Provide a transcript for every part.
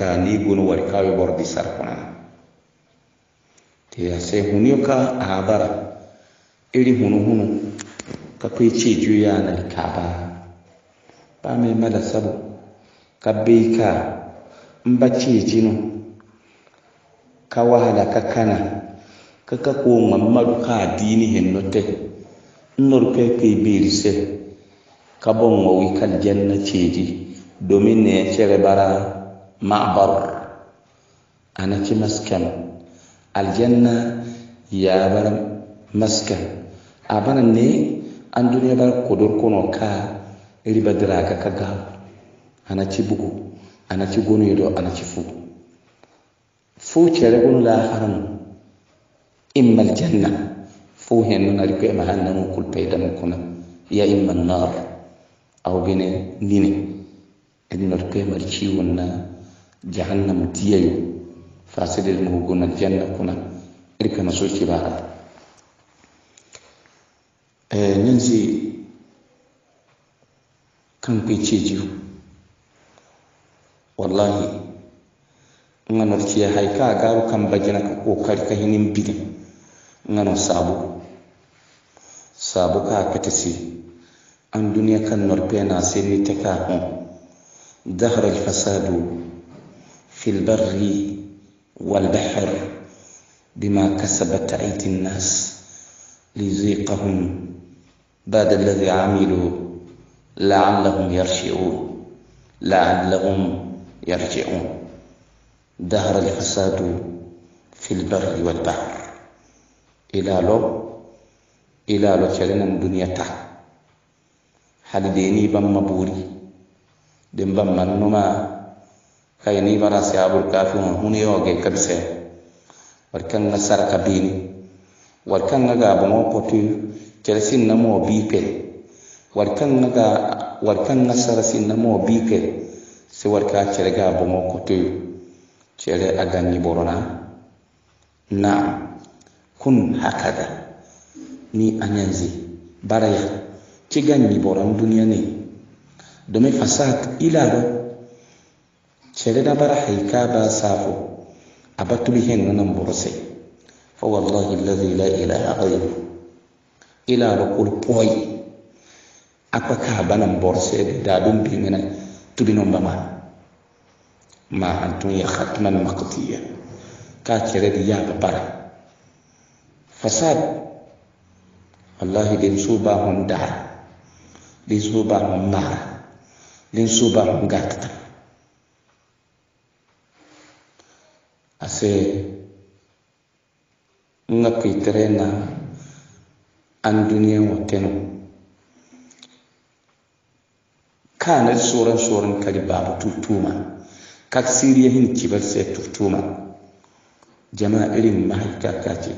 ka ni gunu wari kawe bordi sarkonana te ase hunio ka abara iri hunu hunu ka kwe ce juya na kaba ba mai mada sabu ka bai ka ce jinu ka wahala ka kana ka ka ko mamadu ka dini henno te nnor pe biri se ka bon wawi kan janna ceji domin ne chere bara ma'bar ana ci maskan aljanna ya bar maskan a bana ne an duniya bar kudur kuno ka riba dira ka ka gabu ana ci bugu ana ci gonu yido ana ci fu fu ce gonu la haram imma aljanna fu hen na riko ma hannan kulpe da payda kuna ya imma nar aw gene nini edinor ko e mal ciwon na jahannama tiyayo fasidel mo na, janna kuna irkana so kibara eh ninsi kan kai ceji wallahi nga ce tiya hay ka garu kan bajina ka kokari ka hinin bidi nga no sabu sabu ka katisi an duniya kan norpe na sai ni ta ka hon dahra al fasadu في البر والبحر بما كسبت أيدي الناس ليذيقهم بعد الذي عملوا لعلهم يرجعون لعلهم يرجعون ظهر الفساد في البر والبحر إلى إلى لو celenan الدنيا تحت حال ديني بم مبوري دم بم mannuma kay ni mana siyabul kafirun huniyo ge kabse warkan na sarka bini warkan na ga bamo potu kelsin na mo bipe warkan na ga warkan na sarasin na mo bipe si warka cere ga bamo potu cere aganni borona na kun hakada ni anyanzi baraya kiganni boran duniya ne domin fasad ilaro sere da bara hay ba safo abatu bi hen nan borose fa wallahi alladhi la ilaha ghayru ila rukul poi apa ka bana borose da dum bi mena tubi bama ma antun ya khatman maqtiya ka sere di ya ba bara fasad wallahi din suba hon da suba ma din suba ase nga kuitere na an duniya wa tenu ka na suran suran kadi babu tutuma kak siriya hin kibar se tutuma jama'a irin mahaifta ka ce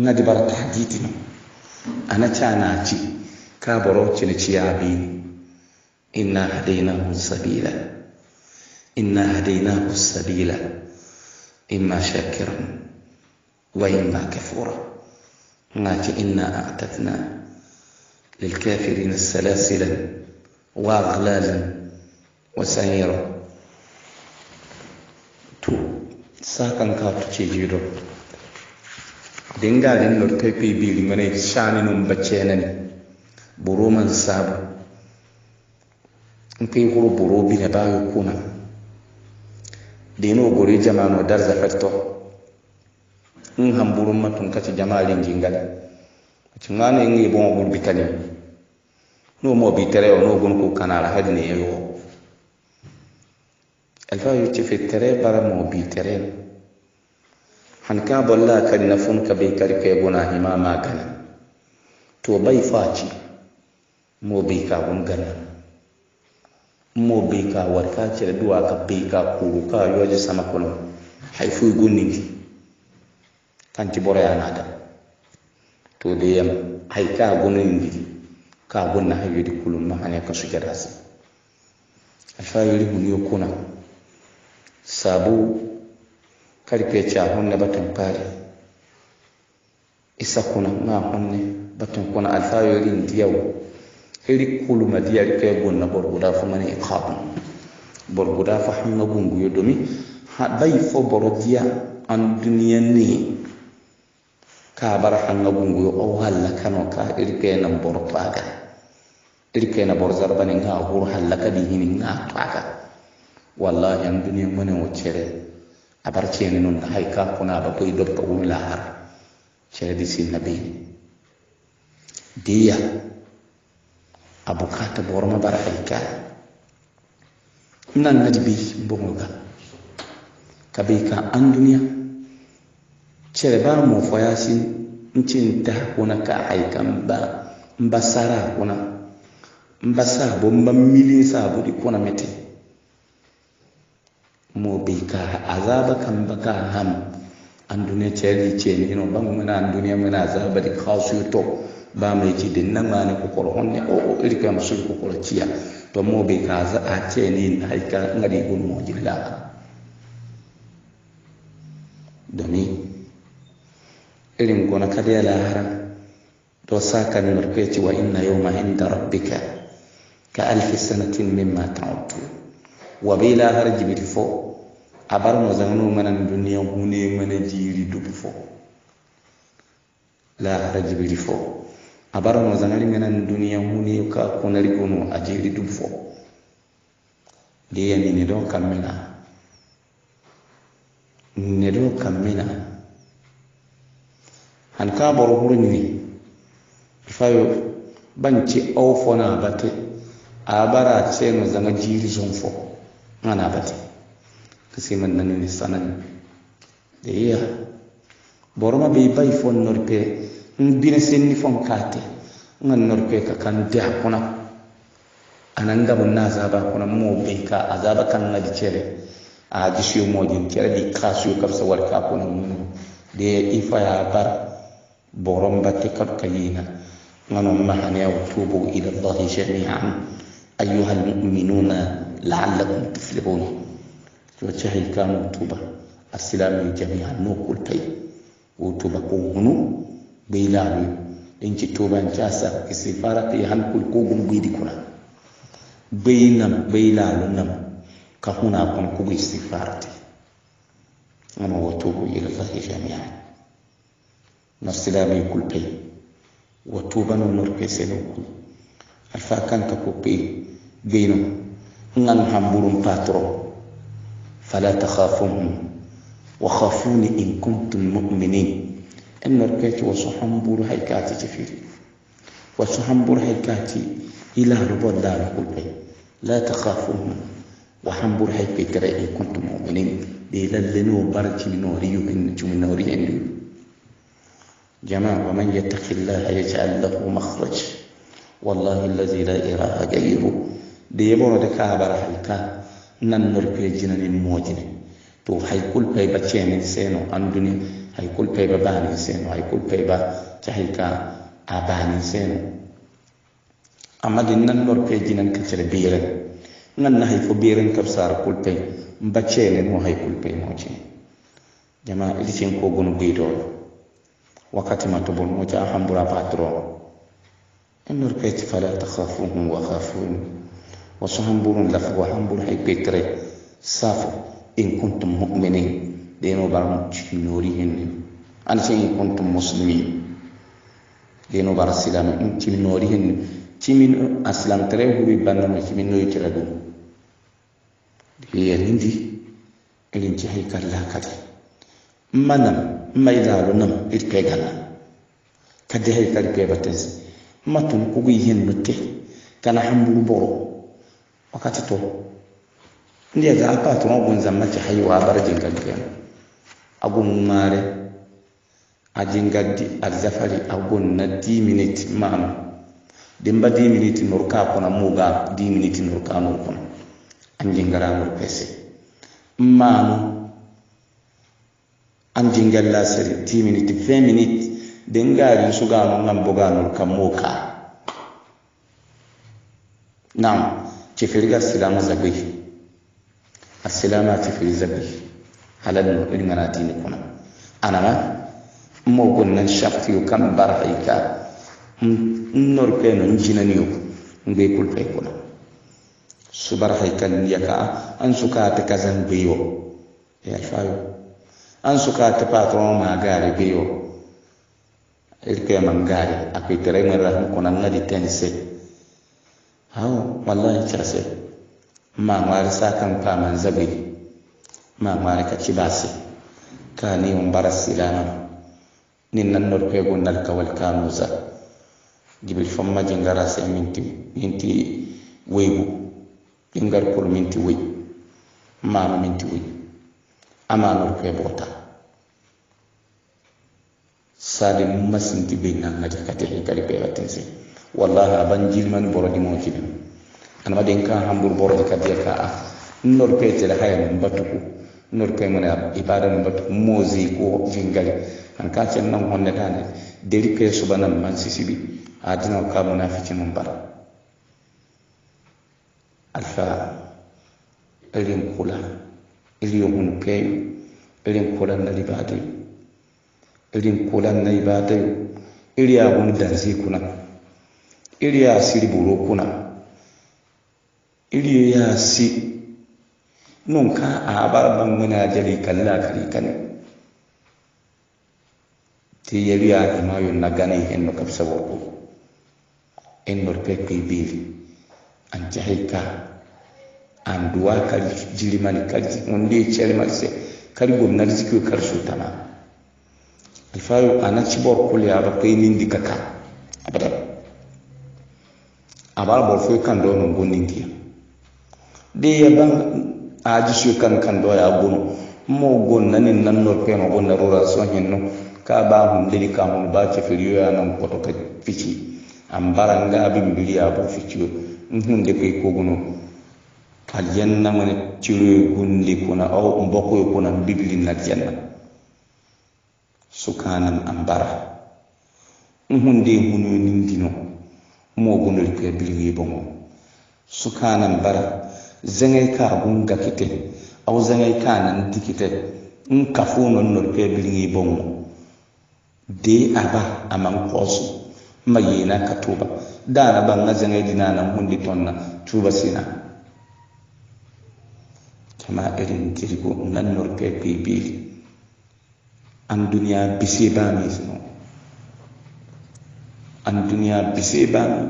nga dibar tahdidin ana cha na ci ka boro ci na ci abi inna hadaynahu sabila inna hadaynahu sabila imma syakiran wa imma kafura ngaji inna a'tadna lil kafirin salasilan wa aghlalan wa sa'ira tu sakan ka tu ce jiro dinga din lor kai kai bi limane shani num bacce nan buru man sabu in kai buru buru bi na ba ku na. dino gori dar darza ferto in hamburun matun kaci jamalin jingala ci ngana yi bon gur bitani no mo bitere o no gun ko kanara ne yo alfa yu ci fitere bara mo bitere han ka bolla kan fun ka be kar ke guna hima kan to bai faci mo bi ka gun ganan mo bɛ ka wari ka cɛla do a ka bɛ ka kuru ka yɔji sama kɔnɔ hay foyi go ningi kan ti bɔra yana da to de yam hay ka go ningi ka go na hay yodi kulum ma hanya ka su jarasi alfa yori mun yo kuna sabu karfe cha hunna batun pare isa kuna ma hunne batun kuna alfa yori ndiyau eri kulumati yari ke gonna borguda fo mani iqabun borguda fo hamma yo domi bay fo borotiya an duniya ni ka bar hanga yo o halla kano ka eri ke nan bor paga eri ke na bor zarbani nga hur halla ka dihini nga paga wallahi an duniya mane o chere abar cene non hay ka kuna ba koy dob ko wum lahar cere di sin nabi diya a bora ma bara aika nan na dibi ka kabe ka an duniya cere bara mo foyasi ncin ta kuna ka aika mba mba sara kuna mba sabo mba sa bo di kuna mete mo bi ka azaba kan baka ham an duniya cere ce ne no mu na an duniya na azaba di kasu to bama jide namani kokoro honne o iri kam suri kokoro ciya to mo be kaza a ceni hayka ngari gun mo jilla domi irin gona ya lahara to saka ni ci wa inna yawma inda rabbika ka alfi sanatin mimma ta'uddu wa bi lahara jibiti fo abar mo zangno manan duniya hune mana jiri dubu fo lahara jibiti fo habara no zanari mena ni duniya huni ka konari gono a jeri dum fo de ya ni nedo kamena nedo kamena han ka boro huru ni fayo banci au fo na bate abara ce no zanga jiri zon fo ngana bate kasi man nani ni sanani de ya boroma be bay fon norpe n bini senni fon ka nga norpe ka kan de hakuna anan gabu na azaba kuna mo bɛn ka azaba kan na di cere a di shi mo din cere di kasu kar sa war ka kuna mun de ifa ya bara ba ka ka yi n mahaniya o bar boron batte kar kayina ngano mahane wa tubu ila allah jami'an ayyuha almu'minuna la'allakum tuflihun to cahil n'o tuba السلام جميعا نوكل تي ko hunu. ci beynaalu ɗen cittoɓanca sa istifara kay halkol kogol ɓeydi kuna beynam beylaalu nam ka huna kon kogo istifarate ama watubu ila llahi jamian nafsilami kul pey wa tubano norpe seno kul alfa ka ko pey beyno ngan hamburum patro fala takhafum wa khafuni in kuntum mu'minin emmer keci wo sohamburu hay kati ci firi wo sohamburu hay kati ilalu bondalu kulɓe la takhafuna wo hamburu hay pe kara in kuntum muminin ɓe lalleni wo bara ciminori yu en cuminori en yu jama wa man yattaqi llaha yaj'al lahu makhraj wallahi alladi la ilaha gayru de yeɓonode kabara hay ka nannor pe jinani mojine to hay kulpay ba ceenen seeno anduni hay kulpayba baanin seeno hay kulpayba jahilka a baanin seeno amma din nan lor pejinan ka cele biiren nan na hay fo biiren kab saara kulpay mba ceene no hay kulpay no cee jama ili cen ko gonu guydoolo wakati ma tobon mo ca hambura patron en lor peyti fala takhafuhum wa khafuni waso hamburun lafa wa hambur hay peytere safu in kuntum muminin da yi bar cikinori hinne an sai in kuntum muslimin da yi bar silamu in cikinori hinne cimin asilam tare hubi banna ma cimin noyi tare da da yi yalindi irin ci haikar lakari ma nan ma idanu nan irpe gana ka da haikar pe batansi ma tun kugu hinne te kana hamburu boro wakati to ndiye ga apa tunagunza mace bara barajin kalkiyama aguŋŋaare ajinga aljafari agonna 10 minute maama dimba 10 minute norka kono muga 10 minute norka nor kono anjingaranor pese maano anjingal lasere 10 minute 20 minute dengarin nan ŋan boganor kam moka nam ceferiga silama zagwe asilama ceferi zagwe halal no ɗin ngana tini kuna anama mo gonnan shafti yo kam barhay ka nnor keno njinani yo ngbe kulpe kuna subar haikan yaka an suka ta kazan biyo ya e fayo an suka ta patron ma gari biyo irke man gari a pitare mai rahun kunan na di tense hau wallahi case ma ngwari sakan faman zabi mamane ka cibasi kani on bara silama nin nannor pego nal kawal kanuza jibil famma jingara se minti minti weybu jingar pol minti wey maama minti wey amanor pe bota sadi masinti be nangadi katiri kali pe watinsi wallahi aban jilman borodi mo jibin anama den ka hambur borodi kadiya ka a nor pe tere hayan batuku nor koy mona ibada no bat mozi ko vingali an ka ne nan honne tane deri pe subanan man sisibi adina ka ci mun bara alfa elin kula elin hun kay elin kula na libadi elin kula na ibada iriya hun danzi kuna iriya siriburo kuna iriya si nun ka a bar manguna jali kalla kari kane ti yelu ya imayu na gane hen no kapsa woko en nor pe kay bi an jahika an duwa kal jili man kal mun de cel man se kal gum na zikio kal sultana alfayu ana ci bor kul ya ba kay nin dikaka abada abar bor fu kan do non gonnin dia de ya ban aji shukan kan y'a bunu mo gonna nin nan nor pe mo gonna rura so hinno ka ba hun diri ka mun ba ce firiyo ya nan ko to ka fici an baranga abin biri ya bu fici hun de kai ko guno aljanna mane ciro gundi kuna aw mboko kuna bibli na janna sukanan an bara hun de hunu nin dino mo gono ke biri bongo sukanan bara zeŋey ka a gun gakite aw zeŋey ka a nan dikite n kafo non nor pe biliŋi bon de aba a man koosu ma yena ka tuba dana ba ŋa zeŋey dina nan hundi tonna tuba sina kama irin tirgo nan nor pe an duniya bise ba mi sino an duniya bise ba mi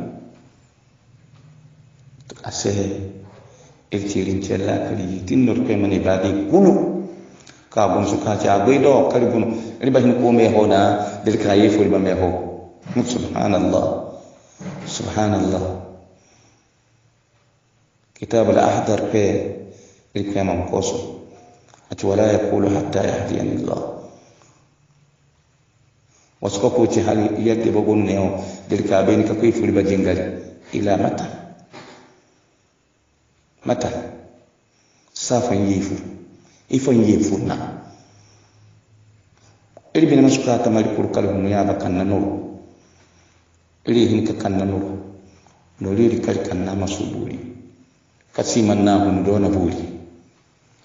a sehe irtirin cella kadi tinnor koye man e baadi gulu ka bon su kace a goyɗo kadi gono iri bahin ko me ho na del ka yefori ba me ho subhanallah subhanallah kitab al ahdar pe iri koye man koso ati wala yaqulu hatta yahdiyani llah wasu ko ko ci hal yadde ba gonne o del ka beni ka koye fori ba jengari ila mata mata safan yefu ifan yefu na iri bin masu kata mari kurkal mu ya bakan na nuru iri hin ka kan na nuru no ri kar kan na masu buri kasi man na hun do na buri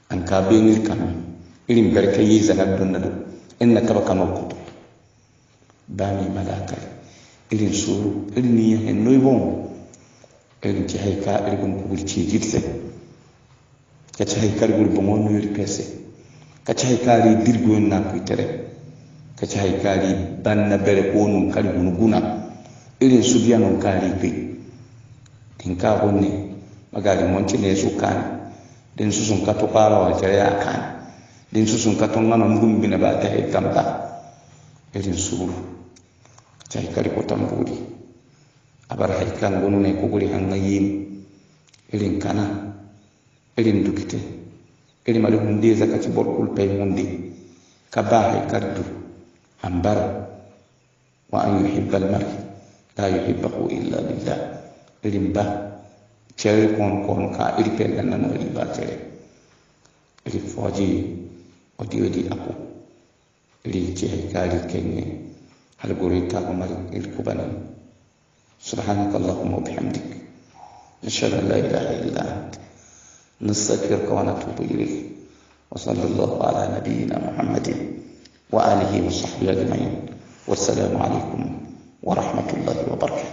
an ka be ni kan irin barka yi zanar don na do in na ka bakan ku ba mi malaka irin suru irin ni ya hen noi bon irin ci haika irin gulci jirse ka ci haikar gurbin wani yuri pese ka ci haikari dirgoyin na kuitare ka ci haikari ban na bere ko nun kari guna irin su biya nun kari kai tin ka hunne magagin wanci ne su kan din su sun kato wa wajen ya kan din su sun kato ngana gumbi na ba ta haikanta irin su ka ci haikari ko tamburi abar hay kan gonune ko ɓuri hanga yiin irin kana irin dukite iri mari hundi zakati ɓorkul pay mundi ka ba hay kardu hambar wa an yuhibba almar la yuhibbahu illa billah irin ba cere kon kon ka iri pelle nano iri ba cere iri foji odi odi aku iri ce hay kari kenne hal gori ta ko mari iri kubanan سبحانك اللهم وبحمدك أشهد أن لا إله إلا أنت نستغفرك ونتوب إليك وصلى الله على نبينا محمد وآله وصحبه أجمعين والسلام عليكم ورحمة الله وبركاته